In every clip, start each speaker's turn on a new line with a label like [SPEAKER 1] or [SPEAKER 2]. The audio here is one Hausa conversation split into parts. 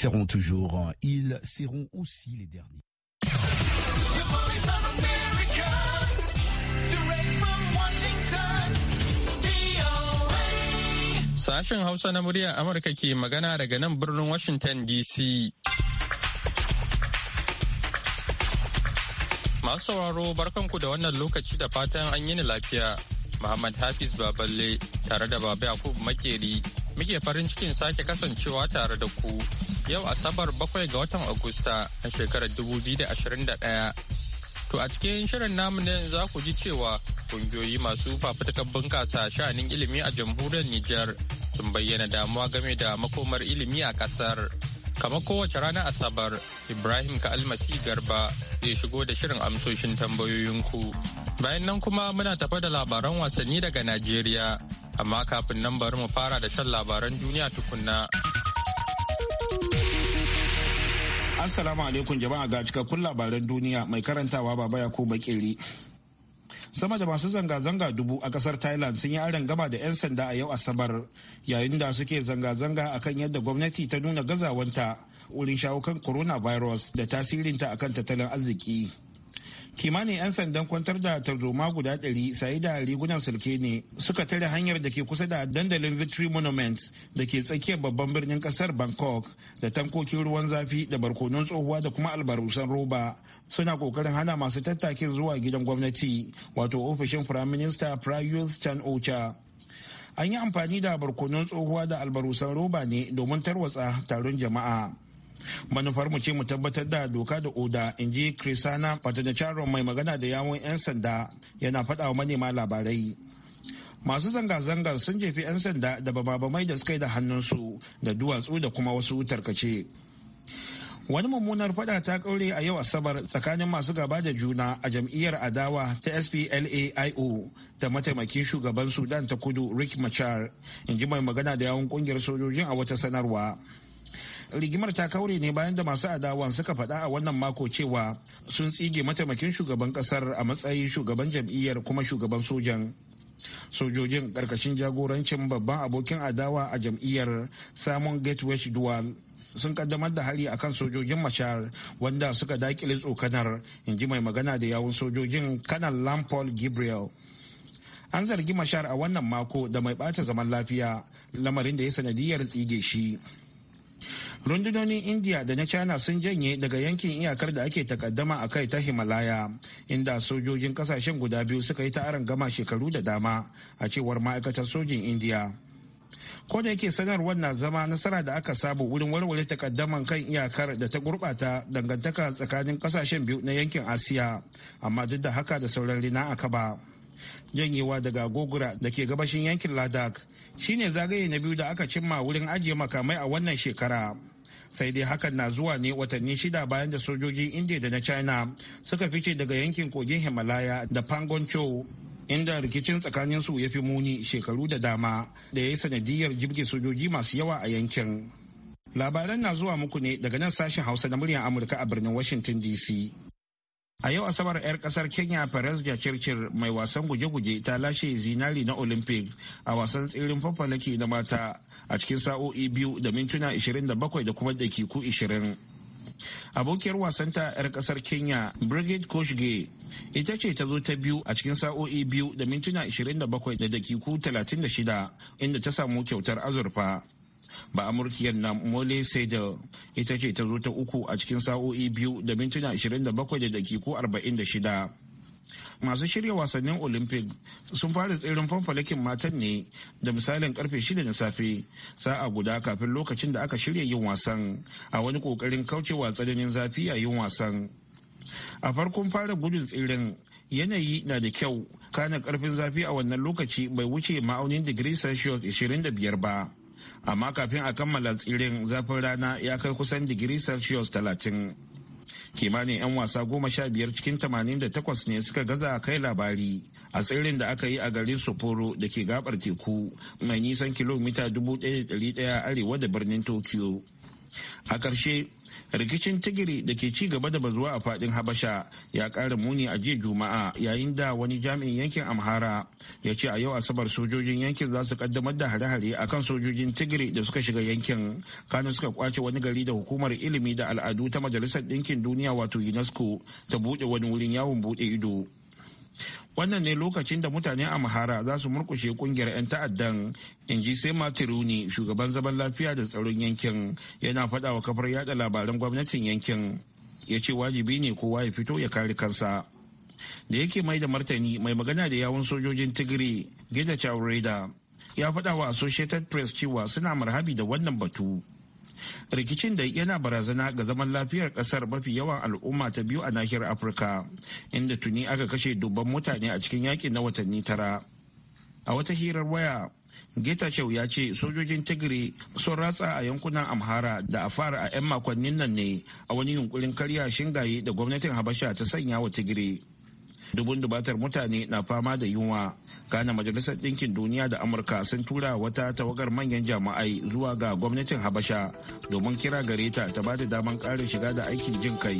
[SPEAKER 1] seront toujours, ils seront aussi les derniers.
[SPEAKER 2] Sashen Hausa na muryar Amurka ke magana daga nan birnin Washington DC. Masu sauraro barkanku da wannan lokaci da fatan an yi lafiya. Muhammad Hafiz Baballe tare da Baba Yakub Makeri muke farin cikin sake kasancewa tare da ku yau asabar bakwai ga watan agusta a shekarar 2021 to a cikin shirin namu na za ku ji cewa kungiyoyi masu fafutukar bunkasa sha'anin ilimi a jamhuriyar nijar sun bayyana damuwa game da makomar ilimi a kasar. Kamar kowace rana Asabar, Ibrahim ka almasi Garba zai shigo da shirin amsoshin tambayoyinku. Bayan nan kuma muna tafa da labaran wasanni daga Najeriya, amma kafin nan bari mu fara da shan labaran duniya tukunna.
[SPEAKER 3] Assalamu alaikum jama'a ga cikakkun labaran duniya mai karantawa baba ya ko bakiri. sama da masu zanga-zanga dubu a kasar thailand sun yi aron gaba da 'yan sanda a yau asabar yayin da suke zanga-zanga akan yadda gwamnati ta nuna gazawanta wurin shawo kan coronavirus da tasirinta akan tattalin arziki kimanin 'yan sandan kwantar da tarzoma guda ɗari saye da rigunan sulke ne suka tare hanyar da ke kusa da dandalin victory monument da ke tsakiyar babban birnin kasar bangkok da tankokin ruwan zafi da barkonon tsohuwa da kuma albarusan roba suna kokarin hana masu tattakin zuwa gidan gwamnati wato ofishin prime minister prayuth chan ocha an yi amfani da barkonon tsohuwa da albarusan roba ne domin tarwatsa taron jama'a manufar mu ce mu tabbatar da doka da oda in ji krisana patanacharo mai magana da yawon 'yan sanda yana faɗa wa manema labarai masu zanga-zangar sun jefi 'yan sanda da bababamai da suka yi da hannunsu da duwatsu da kuma wasu tarkace wani mummunar fada ta kaure a yau asabar tsakanin masu gaba da juna a jam'iyyar adawa ta splaio da mataimakin shugaban sudan ta kudu rick machar in ji mai magana da yawon kungiyar sojojin a wata sanarwa rigimar ta kaure ne bayan da masu adawa suka faɗa a wannan mako cewa sun tsige mataimakin shugaban kasar a matsayin shugaban jam'iyyar kuma shugaban sojan sojojin ƙarƙashin jagorancin babban abokin adawa a jam'iyyar samun gateway dual sun kaddamar da hari akan sojojin mashar wanda suka dakile tsokanar in ji mai magana da yawun sojojin kanan lampol gabriel an zargi mashar a wannan mako da mai bata zaman lafiya lamarin da ya sanadiyar tsige shi rundunonin india da na china sun janye daga yankin iyakar da ake takaddama a kai ta himalaya inda sojojin kasashen guda biyu suka yi ta'arin gama shekaru da dama a cewar ma'aikatar sojin india ko da yake sanarwar na zama nasara da aka sabu wurin warware takaddaman kan iyakar da ta gurbata dangantaka tsakanin kasashen biyu na yankin asiya amma duk da haka da sauran rina aka ba janyewa daga gogura da ke gabashin yankin ladak shine zagaye na biyu da aka cimma wurin ajiye makamai a wannan shekara sai dai hakan na zuwa ne watanni shida bayan da sojojin india da na china suka fice daga yankin kogin himalaya da pangoncho inda rikicin tsakanin su ya fi muni shekaru da dama da ya yi sanadiyar jibge sojoji masu yawa a yankin labaran na zuwa muku ne daga nan sashen hausa na muryar amurka a birnin washington dc A yau Asabar 'yar kasar Kenya Perez Jakirkir mai wasan guje-guje ta lashe zinari na Olympic a wasan tsirin fafalaki na mata a cikin sa'o'i biyu da mintuna 27 da kuma dakiku 20. Abokiyar wasanta 'yar kasar Kenya Brigid Koshge ita ce ta zo ta biyu a cikin sa'o'i biyu da mintuna 27 da dakiku 36 inda ta samu kyautar azurfa. ba amurkiyar na mole sedel ita ce ta zo ta uku a cikin sa'o'i biyu da mintuna 27 da dakiku 46 masu shirya wasannin olympic sun fara tsirin fanfalakin matan ne da misalin karfe 6 na safe sa'a guda kafin lokacin da aka shirya yin wasan a wani kokarin kaucewa tsananin zafi a yin wasan a farkon fara gudun tsirin yanayi na da kyau kana karfin zafi a wannan lokaci bai wuce ma'aunin digiri celsius 25 ba amma kafin a kammala tsirin zafin rana ya kai kusan digiri celsius talatin kimanin 'yan wasa goma sha biyar cikin tamanin da takwas ne suka gaza kai labari a tsirin da aka yi a garin soforo da ke gabar teku mai nisan kilomita 1100 arewa da birnin tokyo a ƙarshe rikicin tigiri da ke ci gaba da bazuwa a fadin habasha ya ƙara muni a jiya juma'a yayin da wani jami'in yankin amhara ya ce a yau asabar sojojin yankin za su kaddamar da hare-hare a kan sojojin tigiri da suka shiga yankin kano suka kwace wani gari da hukumar ilimi da al'adu ta majalisar ɗinkin duniya wato unesco ta buɗe wani wurin yawon buɗe ido wannan ne lokacin da mutane a mahara za su murkushe kungiyar 'yan ta'addan in ji sai matiruni shugaban zaman lafiya da tsaron yankin yana faɗa wa kafar yada labaran gwamnatin yankin ya ce wajibi ne kowa ya fito ya kare kansa da yake mai da martani mai magana da yawun sojojin tigiri gida chaureda ya faɗa wa associated press cewa suna marhabi da wannan batu rikicin da yana barazana ga zaman lafiyar kasar mafi yawan al'umma ta biyu a nahiyar afirka inda tuni aka kashe dubban mutane a cikin yakin na watanni tara a wata hirar waya Shau ya ce sojojin tigiri sun ratsa a yankunan amhara da a fara a 'yan makonnin nan ne a wani yunkurin karya shingaye da gwamnatin habasha ta sanya wa tigiri dubun dubatar mutane na fama da yunwa gane majalisar ɗinkin duniya da amurka sun tura wata tawagar manyan jama'ai zuwa ga gwamnatin habasha domin kira gare ta ta ba da damar ƙarin shiga da aikin jin kai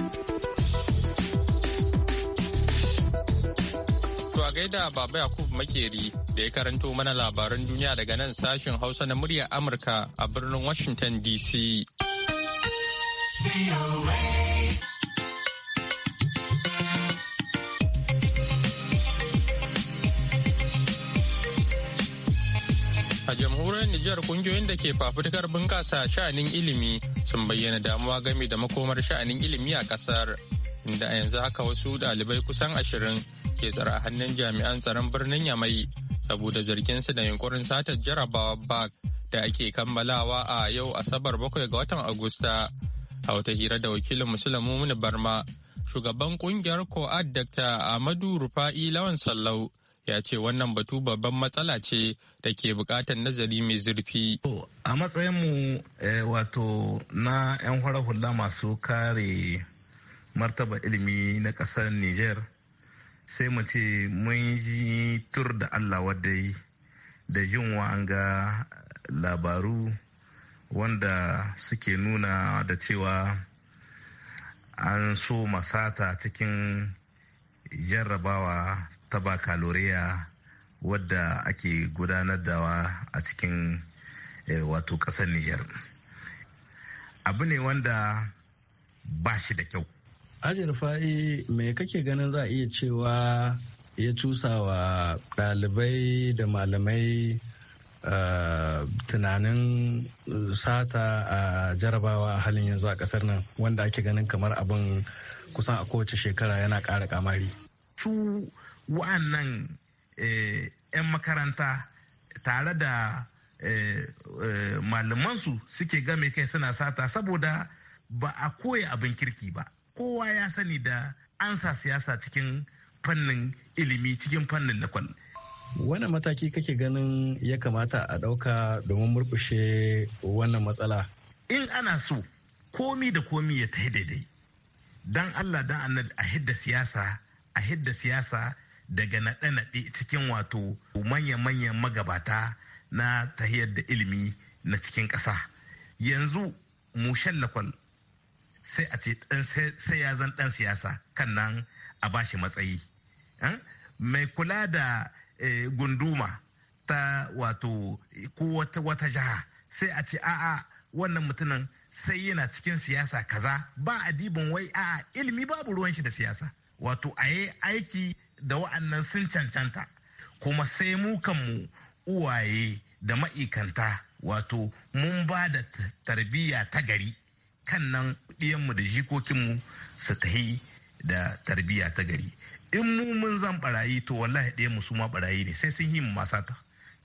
[SPEAKER 2] to a gaida baba yakub makeri da ya karanto mana labaran duniya daga nan sashen hausa na muryar amurka a birnin washington dc jamhuriyar Nijar kungiyoyin da ke fafutukar bunkasa sha'anin ilimi sun bayyana damuwa game da makomar sha'anin ilimi a kasar Inda a yanzu haka wasu ɗalibai kusan ashirin ke tsara a hannun jami'an tsaron birnin Yamai saboda zarginsu da yunkurin satar jarabawa bak da ake kammalawa a yau Asabar bakwai ga watan Agusta. A wata hira da wakilin Musulun Barma, shugaban kungiyar Ko'ad Dr. Ahmadu Rufa'i Lawan Sallau ya ce wannan batu babban matsala ce da ke bukatar nazari mai zurfi.
[SPEAKER 1] A matsayinmu eh, wato na 'yan hula hula masu kare martaba ilimi na ƙasar Nijar sai mu ce mun yi tur da Allah wadai da jin wa'anga labaru wanda suke nuna da cewa an so masata cikin jarrabawa ta bakaloriya wadda ake gudanar wa a cikin eh, wato ƙasar Nijar. Abu ne wanda ba shi da kyau. ajiyar fa'i me kake ganin za a iya cewa ya cusa wa ɗalibai da malamai eh, tunanin sata a jarabawa a halin yanzu a ƙasar nan wanda ake ganin kamar abin kusan a kowace shekara yana ƙara kamari. Su wa'annan 'yan eh, makaranta tare da eh, eh, malamansu suke game kai suna sata saboda ba a koya abin kirki ba kowa ya sani da an sa siyasa cikin fannin ilimi cikin fannin lakwal wani mataki kake ganin ya kamata a ɗauka domin murkushe wannan matsala in ana so komi da komi ya ta daidai don allah don annabi a hidda siyasa a hidda siyasa daga naɗe-naɗe cikin wato manya-manyan magabata na tahiyar da ilimi na cikin ƙasa yanzu mushen lakwal sai a ce sai ya zan ɗan siyasa kan nan a ba shi matsayi eh? mai kula da eh, gunduma ta wato ko wata jiha sai a ce a'a wannan mutumin sai yana cikin siyasa kaza ba adibin wai a ilimi babu ruwan shi da siyasa wato a yi aiki da wa'annan sun cancanta kuma sai mu kanmu uwaye da ma'ikanta wato mun ba da tarbiyya ta gari kan nan ɗiyanmu da jikokinmu su tahi da tarbiyya ta gari in mu mun zan barayi to wallahi ɗiyanmu su ma barayi ne sai sun yi mu ta.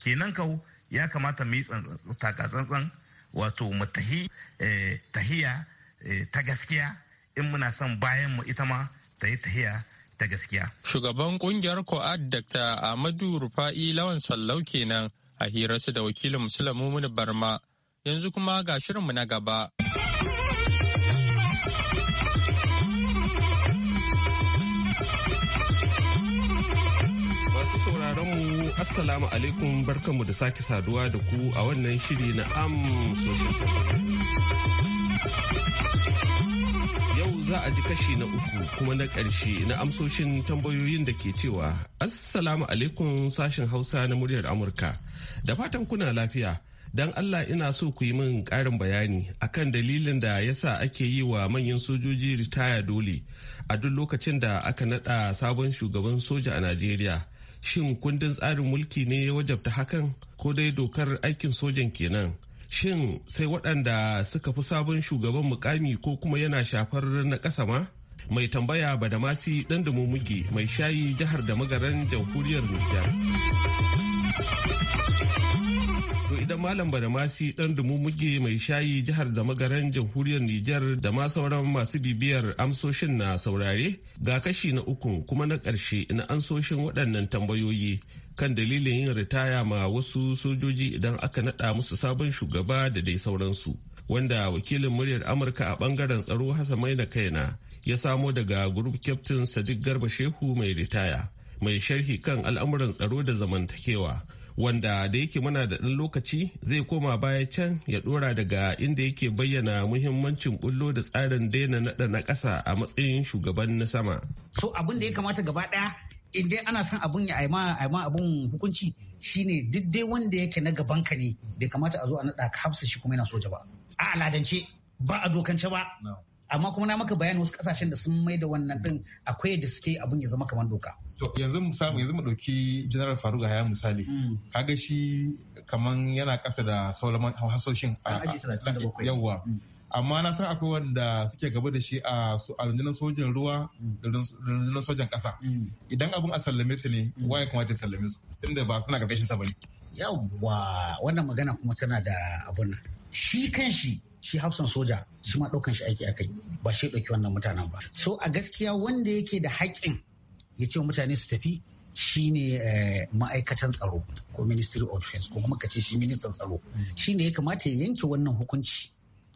[SPEAKER 1] kenan kau ya kamata mu yi tsantsan wato mu tahi eh, tahiya eh, ta gaskiya in muna son bayan mu ita ma ta yi tahiya ta gaskiya.
[SPEAKER 2] Shugaban kungiyar Ko'ad Dr. Ahmadu Rufa'i Lawan Sallau kenan a hirarsu da wakilin Musulmi Barma. Yanzu kuma ga shirinmu na gaba.
[SPEAKER 4] Masu sauraron mu Assalamu alaikum barkanmu da sake saduwa da ku a wannan shiri na amsoshin tambayar. za a ji kashi na uku kuma na ƙarshe na amsoshin tambayoyin da ke cewa Assalamu alaikum sashen Hausa na muryar Amurka. Da fatan kuna lafiya, don Allah ina so ku yi min ƙarin bayani akan dalilin da ya yasa ake yi wa manyan sojoji ritaya dole a duk lokacin da aka naɗa sabon shugaban soja a Najeriya. Shin kundin tsarin mulki ne ya wajabta hakan ko dai dokar aikin sojan kenan? shin sai waɗanda suka fi sabon shugaban mukami ko kuma yana shafar na ƙasa ma? Mai tambaya Badamasi ɗan da muge mai shayi jihar da magaran jamhuriyar Nijar. To idan Malam Badamasi ɗan da muge mai shayi jihar da magaran jamhuriyar Nijar da ma sauran masu bibiyar amsoshin na saurare ga kashi na uku kuma na ƙarshe na amsoshin waɗannan tambayoyi. kan dalilin yin ritaya ma wasu sojoji idan aka nada musu sabon shugaba da dai sauransu wanda wakilin muryar amurka a bangaren tsaro hasamai na kaina ya samo daga group Kyaftin sadiq garba shehu mai ritaya mai sharhi kan al'amuran tsaro da zamantakewa wanda da yake muna da ɗan lokaci zai koma baya can ya ɗora daga inda yake bayyana muhimmancin bullo da tsarin daina naɗa na ƙasa a matsayin shugaban na sama.
[SPEAKER 5] So abin da ya kamata gaba ɗaya in ana son abun ya aima aima abun hukunci shine duk dai wanda yake na gaban ka ne bai kamata a zo a nada ka hafsa shi kuma yana soja ba a aladance ba a dokance ba amma kuma na maka bayani wasu kasashen da sun mai da wannan din akwai da suke abun ya zama kamar doka.
[SPEAKER 6] To yanzu mu samu yanzu mu ɗauki General Faruk Haya misali. Mm. Kaga shi kaman yana kasa da Solomon Hassoshin. Yawwa. Mm. amma na san akwai wanda suke gaba da shi a rundunar sojan ruwa da rundunar sojan kasa mm. idan abin a sallame su ne mm. wa ya kamata ya sallame su Inda ba suna ga sa bane
[SPEAKER 5] yawwa wannan magana kuma tana da abun shi kan shi shi hafsan soja shi ma ɗaukan shi aiki akai ba shi ɗauki wannan mutanen ba so a gaskiya wanda yake da haƙƙin ya ce mutane su tafi shine eh, ma'aikatan tsaro ko ministry of defense ko kuma ka ce shi ministan tsaro mm. Shi ne ya kamata ya yanke wannan hukunci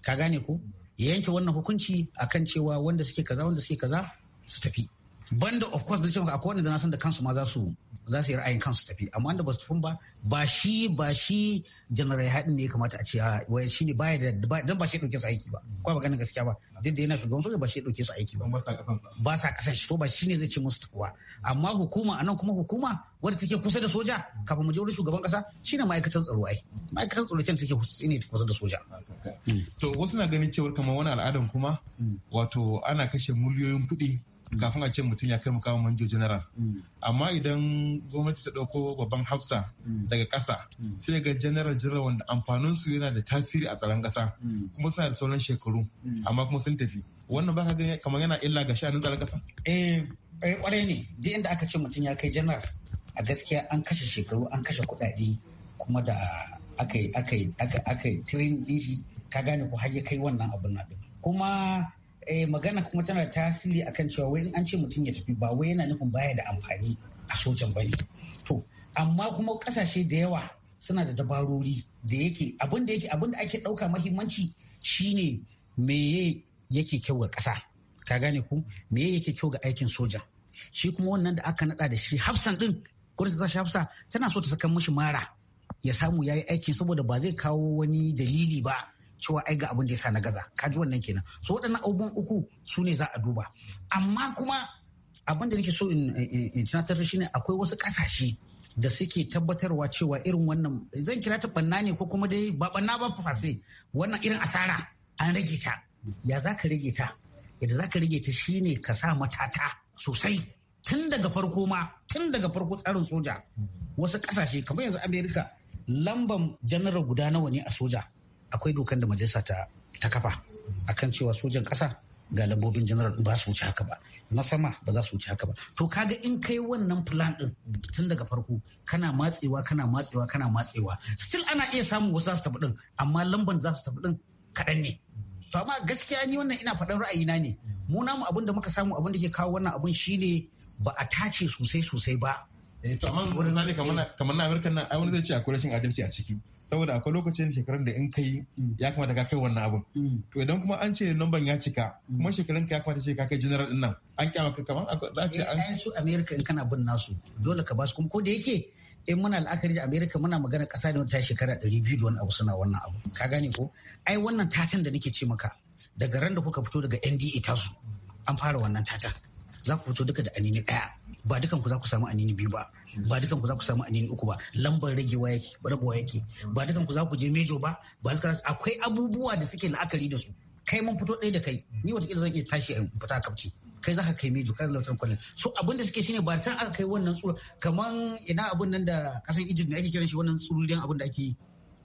[SPEAKER 5] ka gane ko ya yanke wannan hukunci akan cewa wanda suke kaza wanda suke kaza su tafi banda of course bisa akwai wanda na san da kansu ma za su za su yi ra'ayin kansu tafi amma wanda ba su tafi ba ba shi ba shi general haɗin ne ya kamata a ce wai shi ne baya da dan ba shi ɗauke su aiki ba ko ba ganin gaskiya ba duk da yana shugaban soja ba shi ɗauke su aiki ba ba sa kasan shi to ba shi ne zai ce musu tafiwa amma hukuma anan kuma hukuma wadda take kusa da soja kafin mu je wurin shugaban kasa ne ma'aikatan tsaro ai ma'aikatan tsaro can take ne kusa da soja
[SPEAKER 6] to wasu na ganin cewar kamar wani al'adan kuma mm. wato ana kashe miliyoyin kuɗi kafin a ce mutum ya kai mukamin manjo general mm. amma idan gwamnati ta dauko babban hafsa mm. daga kasa. Mm. sai ga general general wanda amfanin su yana da tasiri a tsaron kasa. kuma suna da sauran shekaru amma kuma
[SPEAKER 5] sun tafi wannan ba ka ga kamar yana illa ga shanun tsaron kasa. eh kware eh, ne duk inda aka ce mutum ya kai general a gaskiya an kashe shekaru an kashe kuɗaɗe kuma da aka yi aka yi din shi ka gane ko har ya kai wannan abun nan kuma eh, magana kuma tana tasiri akan cewa wai in an ce mutum ya tafi ba wai yana nufin baya da amfani a sojan bane to amma kuma kasashe da yawa suna da dabarori da yake abin da yake abin da ake dauka mahimmanci shine me yake kyau ga kasa ka gane ku me yake kyau ga aikin soja shi kuma wannan da aka nada da shi hafsan din gwamnati ta hafsa tana so ta saka mishi mara ya samu ya yi aiki, saboda ba zai kawo wani dalili ba cewa ai ga abin da ya sa na gaza kaji wannan kenan so waɗannan abubuwan uku su ne za a duba amma kuma abin da nake so in tunatar shi ne akwai wasu kasashe da suke tabbatarwa cewa irin wannan zan kira ta banna ne ko kuma dai ba banna ba sai wannan irin asara an rage ta ya za ka rage ta yadda za ka rage ta shine ka sa matata sosai tun daga farko ma tun daga farko tsarin soja wasu kasashe kamar yanzu amerika lamban janaral guda nawa ne a soja akwai dokan da majalisa ta ta kafa akan cewa sojan ƙasa ga lambobin general ba su wuce haka ba na sama ba za su wuce haka ba to kaga in kai wannan plan din tun daga farko kana matsewa kana matsewa kana matsewa still ana iya samun wasu za su tafi din amma lamban za su tafi din kaɗan ne to amma gaskiya ni wannan ina faɗan ra'ayina ne mu namu abin da muka samu abin da ke kawo wannan abin shine ba a tace sosai sosai ba
[SPEAKER 6] eh, to amma wani zane kamar na amurka nan ai wani zai ce akwai rashin adalci a ciki saboda akwai lokacin shekarun da in kai mm. ya kamata ka kai wannan abun mm. to idan kuma an ce lamban ya cika mm. kuma shekarun ka ya kamata ce ka kai general din nan an kyama ka kamar za ce an su
[SPEAKER 5] america in kana bin nasu dole ka basu kuma ko da yake in muna la'akari da america muna magana kasa da wata shekara 200 da wani abu suna wannan abu ka gane ko ai wannan tatan da nake ce maka daga ran da kuka fito daga NDA tasu an fara wannan tatan za ku fito duka da anini daya ba dukan ku za ku samu anini biyu ba ba dukan ku za ku samu anini uku ba lambar ragewa yake rabuwa yake ba dukan ku za ku je mejo ba ba akwai abubuwa da suke la'akari da su kai mun fito ɗaya da kai ni kila zan iya tashi in fita a kabci kai za ka kai mejo kai zan kwallon so abin da suke shine ba da aka kai wannan tsuru kamar ina abin nan da kasan Egypt ne ake kiran shi wannan tsururin abin da ake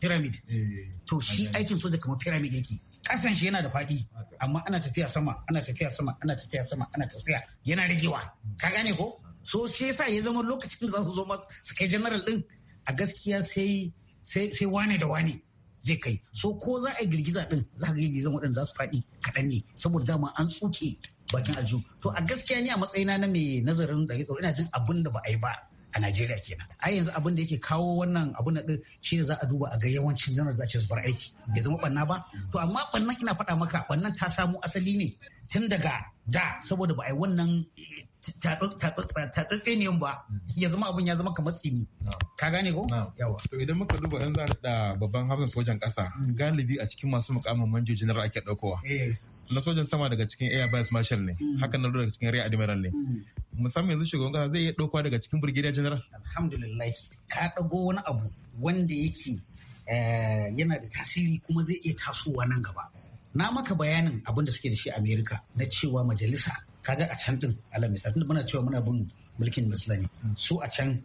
[SPEAKER 5] pyramid eh, eh, eh. to shi aikin soja kamar pyramid yake kasan shi yana da faɗi amma ana tafiya sama ana tafiya sama ana tafiya sama ana tafiya yana ragewa ka gane ko so shi yasa ya zama lokacin da za su zo masu su kai general din a gaskiya sai sai wane da wane zai kai so ko za a yi girgiza din za ka girgiza waɗanda za su faɗi kaɗan ne saboda dama an tsuke bakin aljihu to a gaskiya ni a matsayina na mai nazarin da ina jin abin da ba a yi ba a Najeriya kenan a yanzu abin da yake kawo wannan abun na din shine za a duba a ga yawancin janar za su bar aiki bai zama banna ba to amma bannan ina faɗa maka bannan ta samu asali ne tun daga da saboda ba a yi wannan tatsatseniyan ba mm. ya zama abin ya zama kamar tsini ka gane ko yawa idan muka duba yan
[SPEAKER 6] da babban hafin sojan kasa mm. galibi a cikin masu mukamin manjo general ake daukowa eh. na sojan sama daga cikin air vice marshal ne mm. hakan na daga cikin rear admiral ne musamman yanzu shugaban kasa zai iya
[SPEAKER 5] daukowa daga cikin brigadier general alhamdulillah ka dago wani abu wanda yake eh, yana da tasiri kuma zai iya tasowa nan gaba na maka bayanin abin da suke da shi Amerika na cewa majalisa kaga a can din alal misali tunda muna cewa muna bin mulkin musulmi su a can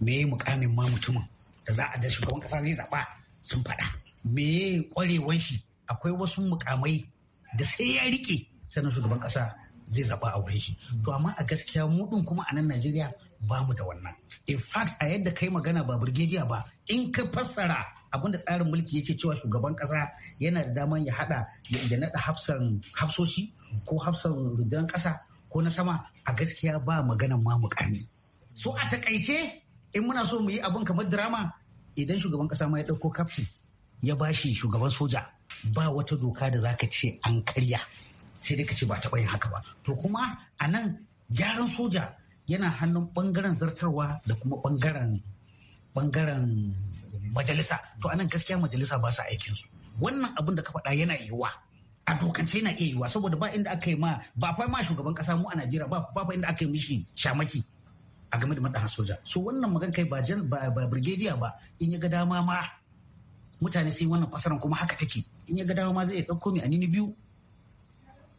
[SPEAKER 5] me mukamin ma mutumin da za a da shugaban kasa zai zaba sun faɗa me kwarewan shi akwai wasu mukamai da sai ya rike sannan shugaban kasa zai zaba a wurin shi to amma a gaskiya mu din kuma a nan Najeriya ba mu da wannan in fact a yadda kai magana ba burgejiya ba in ka fassara abinda tsarin mulki ce cewa shugaban kasa yana da daman ya hada ya naɗa hafsan hafsoshi ko hafsan rundunar kasa ko na sama a gaskiya ba maganan ma mukami so a takaice in muna so mu yi abin kamar drama idan shugaban kasa ma ya dauko kaftin ya bashi shugaban soja ba wata doka da zaka ce an karya sai dai ka ce ba taɓa yin haka ba to kuma a nan gyaran soja yana hannun ɓangaren zartarwa da kuma bangaren ɓangaren. majalisa to anan gaskiya majalisa ba su aikin su wannan abin da ka faɗa yana yiwuwa a dokance yana iya yiwuwa saboda ba inda aka yi ma ba fa ma shugaban kasa mu a Najeriya ba ba inda aka yi mishi shamaki a game da madahan soja so wannan magan kai ba jan ba brigadier ba in ya ga dama ma mutane sai wannan fasaran kuma haka take in ya ga dama ma zai dauko mai anini biyu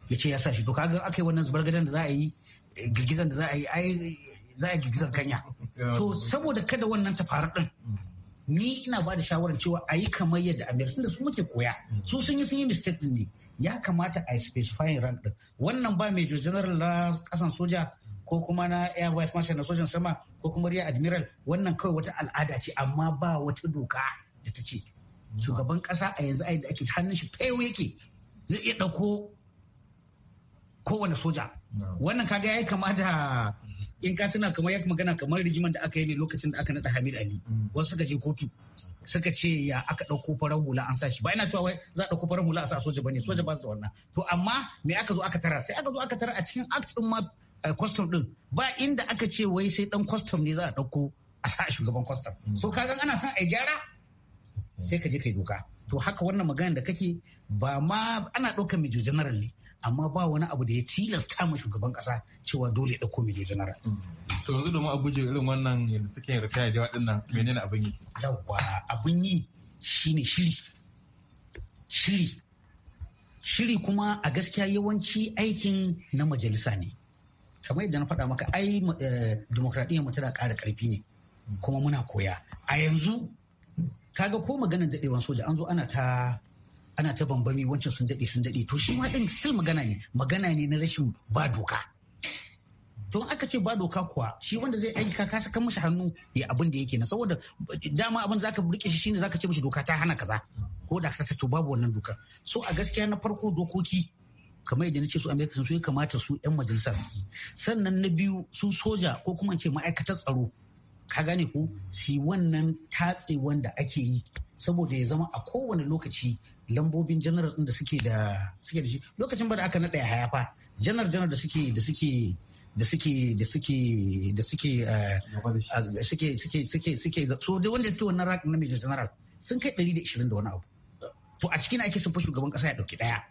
[SPEAKER 5] ya ce ya sa shi to kaga aka yi wannan zubar gadan da za a yi girgizan da za a yi ai za a girgizar kanya to saboda kada wannan ta din ni ina ba da shawarar cewa a yi kamar yadda amerika da su muke koya mm. su sun yi sun yi mistake ne ya kamata a specifying rank din wannan ba major general na kasan soja ko kuma na air vice marshal na sojan sama ko kuma rear admiral wannan kawai wata al'ada ce amma ba wata doka da ta ce mm. shugaban kasa a yanzu ai da ake hannun shi fayo yake zai iya dauko kowane soja wannan kaga ya kamata in ka tana kamar ya magana kamar rigimar da aka yi ne lokacin da aka naɗa Hamid Ali mm. wasu suka je kotu suka ce ya aka ɗauko farar hula an sa shi ba ina cewa wai za a ɗauko farar hula a sa soja bane soja ba su da wannan to amma me aka zo aka tara sai aka zo aka tara a cikin act din ma eh, custom din ba inda aka ce wai sai dan custom ne za a ɗauko a sa shugaban custom mm. so ka ana san a gyara sai ka je kai doka to haka wannan magana da kake ba ma ana ɗaukar major general ne amma ba wani abu da ya tilasta mu shugaban kasa cewa dole ya dauko major general to yanzu
[SPEAKER 6] domin a guje irin wannan yanzu suke ritaya da waɗannan menene abin yi yawwa abin yi
[SPEAKER 5] shine shiri shiri shiri kuma a gaskiya yawanci aikin na majalisa ne kamar yadda na faɗa maka ai eh, demokradiyyar mu tana ƙara ƙarfi ne kuma muna koya a yanzu kaga ko maganar daɗewan soja an zo ana ta ana ta bambami wancan sun daɗe sun daɗe to shi ma ɗin still magana ne magana ne na rashin ba doka to aka ce ba doka kuwa shi wanda zai aiki ka saka mashi hannu ya abin da yake na saboda dama abin zaka burke shi shine zaka ce mishi doka ta hana kaza ko da ka to babu wannan doka so a gaskiya na farko dokoki kamar yadda na ce su amerika sun ya kamata su 'yan majalisa su sannan na biyu su soja ko kuma ce ma'aikatar tsaro ka gane ku si wannan tatse wanda ake yi saboda ya zama a kowane lokaci lambobin janar da suke da suke da shi lokacin ba da aka naɗa hayafa janar janar da suke da suke da suke da suke da suke eh, suke suke suke suke so da wanda suke wannan rakin na major general sun kai 120 da wani abu to a cikin ake sufa shugaban kasa ya dauki daya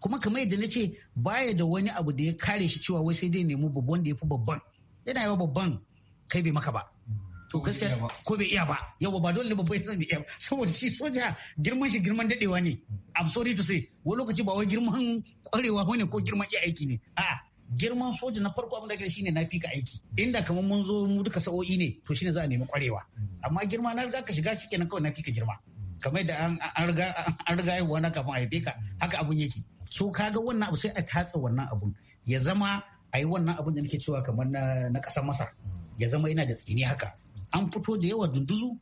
[SPEAKER 5] kuma kamar yadda na ce baya da wani abu da ya kare shi cewa wai sai dai nemi babban da ya fi babban yana yawa babban kai bai maka ba to gaskiya ko bai iya ba yau ba dole ba bai san iya saboda shi soja girman shi girman dadewa ne i'm sorry to say wani lokaci ba wai girman kwarewa bane ko girman iya aiki ne a'a girman soja na farko abin da shi shine na fika aiki inda kamar mun zo mu duka sa'o'i ne to shine za a nemi kwarewa amma girma na riga ka shiga kenan kawai na fika girma kamar da an riga an riga na kafin a haife ka haka abun yake so kaga wannan abu sai a tatsa wannan abun ya zama a yi wannan abun da nake cewa kamar na kasar masa. ya zama yana da tsini haka an fito da yawa dunduzu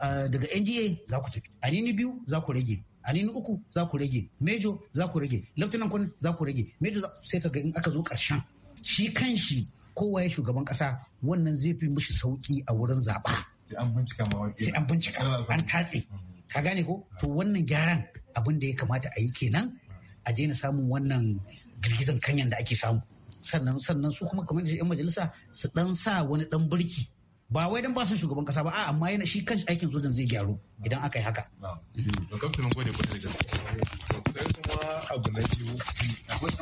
[SPEAKER 5] daga NGA za ku tafi A nini biyu za ku rage A nini uku za ku rage mejo za ku rage lieutenant kwan za ku rage mejo sai ka ga in aka zo karshen shi kan shi kowa ya shugaban kasa wannan zai fi mushi sauki a wurin zaba sai an bincika an tatse mm-hmm. ka gane ko to wannan gyaran abin da ya kamata a yi kenan a daina samun wannan girgizan kanyan da ake samu sannan sannan su kuma kamar da 'yan majalisa su dan sa wani dan birki ba wai dan ba su shugaban kasa ba a amma yana shi kan aikin sojan zai gyaru idan aka yi haka.
[SPEAKER 6] To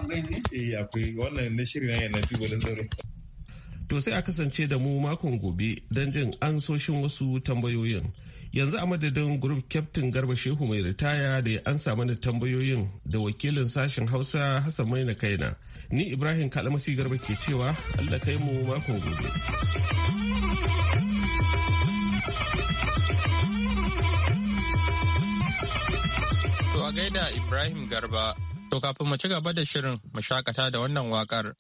[SPEAKER 6] Sai ne? Eh, na shirin yana
[SPEAKER 4] To a kasance da mu makon gobe don jin ansoshin wasu tambayoyin. Yanzu a madadin gurup Captain Garba Shehu mai ritaya da ya ansa mana tambayoyin da wakilin sashen Hausa Hassan Maina Kaina. Ni Ibrahim Kalamasi Garba ke cewa Allah kai mu makon gobe.
[SPEAKER 2] da Ibrahim Garba. To kafin mu ci gaba da shirin mu shakata da wannan waƙar.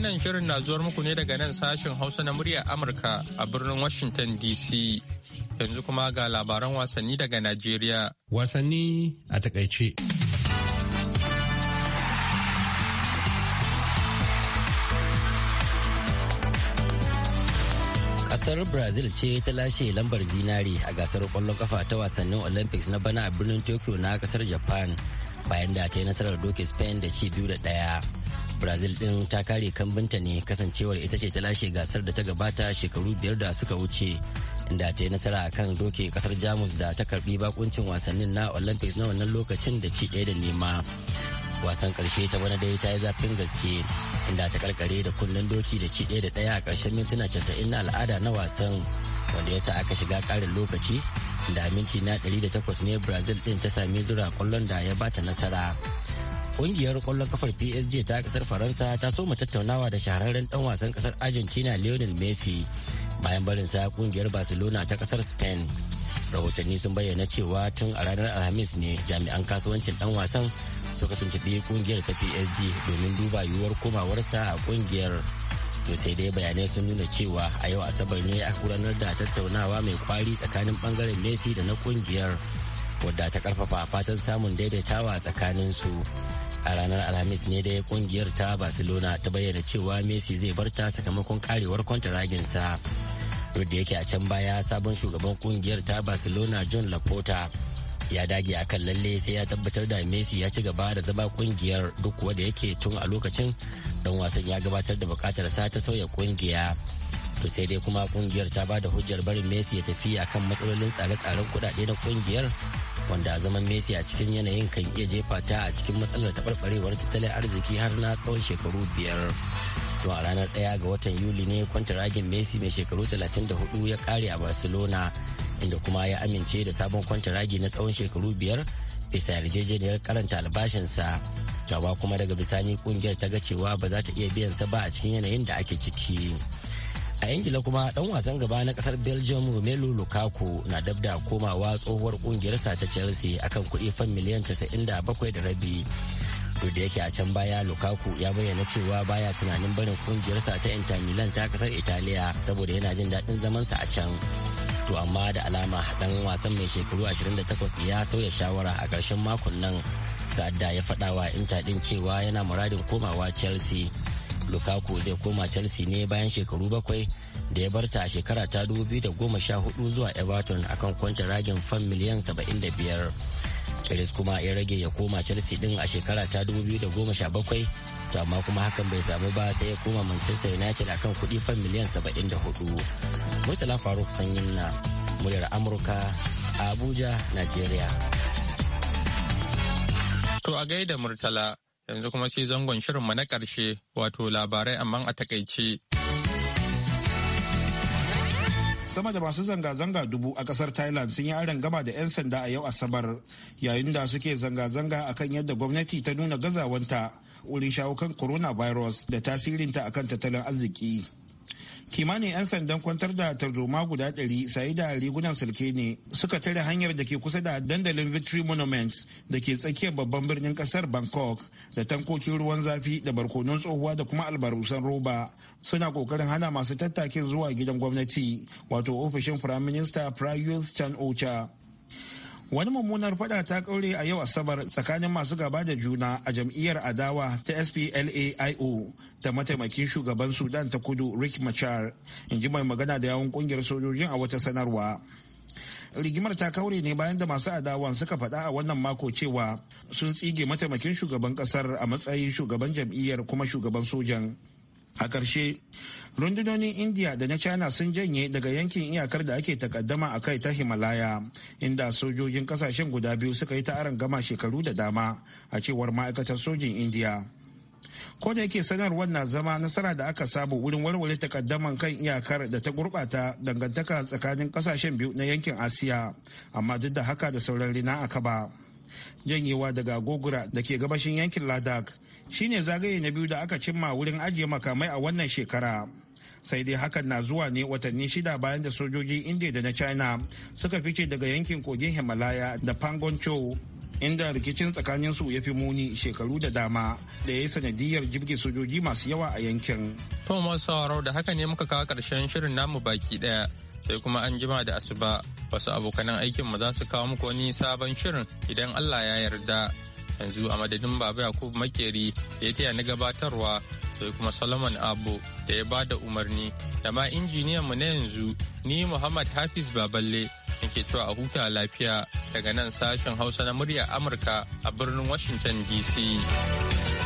[SPEAKER 2] Wannan shirin na zuwar muku ne daga nan sashen Hausa na muryar Amurka a birnin Washington DC. Yanzu kuma ga labaran wasanni daga Najeriya. Wasanni a takaice.
[SPEAKER 7] Kasar Brazil ce ta lashe lambar zinari a gasar kwallon kafa ta wasannin Olympics na bana a birnin Tokyo na kasar Japan bayan da ta yi nasarar doke Spain da ci biyu da ɗaya. brazil din ta kare kambinta ne kasancewar ita ce ta lashe gasar da ta gabata shekaru biyar da suka wuce inda ta yi nasara kan doke kasar jamus da ta karbi bakuncin wasannin na olympics na wannan lokacin da ci ɗaya da nema wasan karshe ta bana dai ta yi zafin gaske inda ta karkare da kunnen doki da ci ɗaya da ɗaya a ƙarshen mintuna casa'in na al'ada na wasan wanda ya sa aka shiga ƙarin lokaci da minti na 108 ne brazil ɗin ta sami zura kwallon da ya bata nasara Kungiyar kwallon kafar PSG ta kasar Faransa ta soma tattaunawa da shahararren dan wasan kasar Argentina Lionel Messi bayan barinsa kungiyar Barcelona ta kasar Spain. Rahotanni sun bayyana cewa tun a ranar Alhamis ne jami'an kasuwancin dan wasan suka tuntuɓi kungiyar ta PSG domin duba yiwuwar komawarsa a kungiyar. to sai dai bayanai sun nuna cewa a yau asabar ne a gudanar da tattaunawa mai kwari tsakanin bangaren messi da na kungiyar wadda ta karfafa fatan samun daidaitawa tsakanin su a ranar alhamis ne ya kungiyar ta barcelona ta bayyana cewa messi zai barta sakamakon karewar kwantaraginsa duk da yake a can baya sabon shugaban kungiyar ta barcelona john laporta ya dage a kan lalle sai ya tabbatar da messi ya ci gaba da zama kungiyar duk wanda yake tun a lokacin don wasan ya gabatar da bukatar sa ta sauya kungiya to sai dai kuma kungiyar ta ba da hujjar barin messi ya tafi akan matsalolin tsare-tsaren kudade na kungiyar wanda zaman messi a cikin yanayin kan iya jefa ta a cikin matsalar taɓarɓarewar tattalin arziki har na tsawon shekaru biyar to a ranar ɗaya ga watan yuli ne kwantaragin messi mai shekaru 34 ya kare a barcelona inda kuma ya amince da sabon kwantaragi na tsawon shekaru biyar bisa yarjejeniyar karanta albashinsa jawa kuma daga bisani kungiyar ta ga cewa ba za ta iya biyan sa ba a cikin yanayin da ake ciki. a ingila kuma dan wasan gaba na kasar belgium romelu lukaku na dabda komawa tsohuwar kungiyarsa ta chelsea akan kuɗi fan miliyan 97 da rabi duk da yake a can baya lukaku ya bayyana cewa baya tunanin barin kungiyarsa ta inter milan ta kasar italiya saboda yana jin daɗin zamansa a can to amma da alama dan wasan mai shekaru 28 ya sauya shawara a ƙarshen makon nan sa'adda ya faɗawa inter din cewa yana muradin komawa chelsea lukaku zai koma chelsea ne bayan shekaru bakwai da ya barta a shekara ta 2014 zuwa everton akan kwanta ragin fan miliyan 75 Chris kuma ya rage ya koma chelsea din a shekara ta 2017 to amma kuma hakan bai samu ba sai ya koma manchester united akan kudi fan miliyan 74 murtala faruk sanyin na muryar amurka a abuja nigeria
[SPEAKER 2] to a gaida murtala yanzu kuma sai zangon shirinmu na ƙarshe wato labarai amma a takaice.
[SPEAKER 3] sama da masu zanga-zanga dubu a kasar thailand sun yi aron gama da 'yan sanda a yau asabar yayin da suke zanga-zanga a kan yadda gwamnati ta nuna gazawanta wurin shawo kan coronavirus da tasirinta akan tattalin arziki kimanin 'yan sandan kwantar da tarzoma guda ɗari saye da rigunan sulke ne suka tare hanyar da ke kusa da dandalin victory monument da ke tsakiyar babban birnin kasar bangkok da tankokin ruwan zafi da barkonon tsohuwa da kuma albarusan roba suna kokarin hana masu tattakin zuwa gidan gwamnati wato ofishin prime minister prayuth chan ocha wani mummunar fada ta kaure a yau asabar tsakanin masu gaba da juna a jam'iyyar adawa ta splaio da mataimakin shugaban sudan ta kudu rick machar in ji mai magana da yawon kungiyar sojojin a wata sanarwa rigimar ta kaure ne bayan da masu adawan suka faɗa a wannan mako cewa sun tsige mataimakin shugaban ƙasar a matsayin shugaban jam'iyyar kuma shugaban sojan a ƙarshe rundunonin india da na china sun janye daga yankin iyakar da ake takaddama a kai ta himalaya inda sojojin kasashen guda biyu suka yi ta'aran gama shekaru da dama a cewar ma'aikatar sojin india ko da yake sanarwar na zama nasara da aka sabu wurin warware takaddaman kan iyakar da ta gurɓata dangantaka tsakanin kasashen biyu na yankin asiya amma duk da haka da sauran rina aka ba janyewa daga gogura da ke gabashin yankin ladak shine zagaye na biyu da aka cimma wurin ajiye makamai a wannan shekara sai dai hakan na zuwa ne watanni shida bayan da sojoji india da na china suka fice daga yankin kogin himalaya da pangoncho inda rikicin tsakaninsu ya fi muni shekaru da dama da ya yi sanadiyar jibge sojoji masu yawa a yankin.
[SPEAKER 2] To masu da haka ne muka kawo karshen shirin namu baki daya sai kuma an jima da asuba wasu abokanan aikin mu za su kawo muku wani sabon shirin idan Allah ya yarda. yanzu a madadin baba yakubu makeri da ya taya na gabatarwa sai kuma solomon abu da ya ba da umarni da ma injiniyan mu na yanzu ni muhammad hafiz baballe ke cewa a huta lafiya daga nan sashen hausa na muryar amurka a birnin washington dc